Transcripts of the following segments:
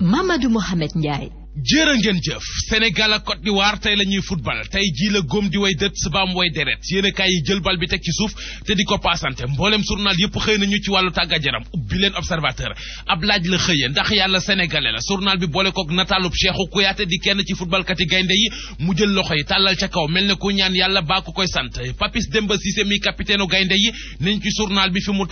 Mamadou Mohamed Ndiaye jërë ngeen jëf Sénégal ak Côte d'Ivoire tey la football tey jii la góom di way dët subaam way deret yéen a kaay yi jël bal bi teg ci suuf te di ko paasante mboolem journal yëpp xëy nañu ci wàllu tàggat yaram ubbi leen observateur ab laaj la xëyee ndax yàlla sénégalais la journal bi boole kook nataalub Cheikhou Kouyaté di kenn ci footballkat yi gaynde yi mu jël loxo yi tàllal ca kaw mel ne ku ñaan yàlla baa ko koy sant Papis Demba Cissé mi capitaine gaynde yi nañ ci journal bi fi mu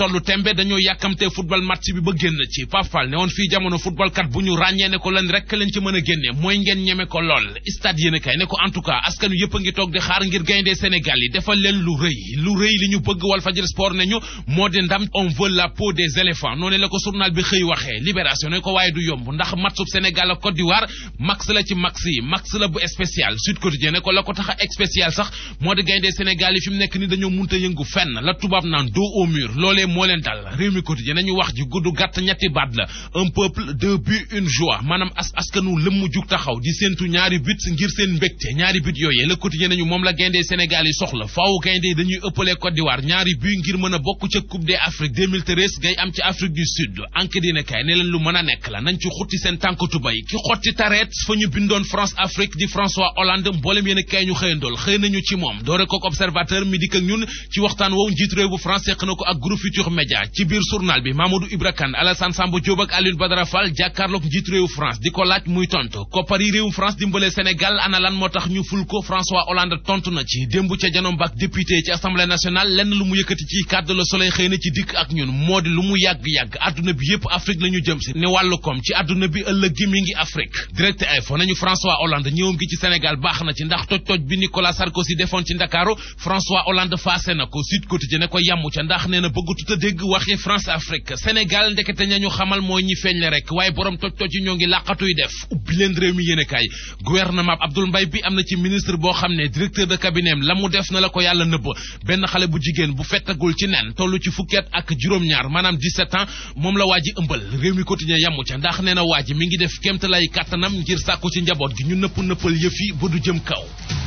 ko lan rek lañ génne mooy ngeen ñeme ko lool stade yéen ne ko en askanu yëpp a ngi toog di xaar ngir gayndee Sénégal yi defal leen lu rëy lu rëy li ñu bëgg wal fajir sport ne ñu moo di ndam on des éléphants noonu la ko journal bi xëy waxee libération ne ko waaye du yomb ndax matsub Sénégal ak Côte d'Ivoire max la ci max yi max la bu spécial Sud Quotidien ne ko la ko tax a sax moo di gayndee Sénégal yi fi nekk ni dañoo munta yëngu fenn mu jug taxaw di séentu ñaari but ngir seen mbégte ñaari but yooyee Le Quotidien moom la gayndee Sénégal yi soxla faaw gayndee dañuy ëppale Côte d'Ivoire ñaari but ngir mën a bokk ca Coupe d'Afrique 2013 gay am ci Afrique du Sud ank dina kay ne leen lu mën a nekk la nañ ci xutti seen tànk tubay ki xotti tareet fa ñu bindoon France Afrique di François Hollande mboolem yéen kay ñu xëyandool xëy nañu ci moom doore kook observateur mi ak ñun xeetu koppar yi réewum France dimbale Sénégal ana lan moo tax ñu ful ko François Hollande tontu na ci démb ca janoom bak député assemblée nationale lenn lu mu yëkkati ci kàddu la Soleil xëy na ci dikk ak ñun moo di lu mu yàgg-yàgg àdduna bi yépp Afrique la ñu jëm si ne wàllu koom ci àdduna bi ëllëg gi mi ngi Afrique direct info nañu François Hollande ñëwam gi ci Sénégal baax na ci ndax toj-toj bi Nicolas Sarkozy defoon ci Ndakaaru François Hollande faase na ko Sud Quotidien ne ko yàmmu ca ñi feeñ le rek waaye borom toj-toj yi ñoo ngi làqatuy leen réew mi yéene kaay gouvernement Abdoul mbay bi am na ci ministre boo xam ne directeur de cabinet la mu def na la ko yàlla nëbb benn xale bu jigéen bu fettagul ci nen toll ci fukkeet ak juróom-ñaar maanaam 17 ans moom la waa ji ëmbal réew mi quotidien yamu ca ndax nee na waa ji mi ngi def kémta lay kàttanam ngir sàkku ci njaboot gi ñu nëpp nëppal yëf yi ba du jëm kaw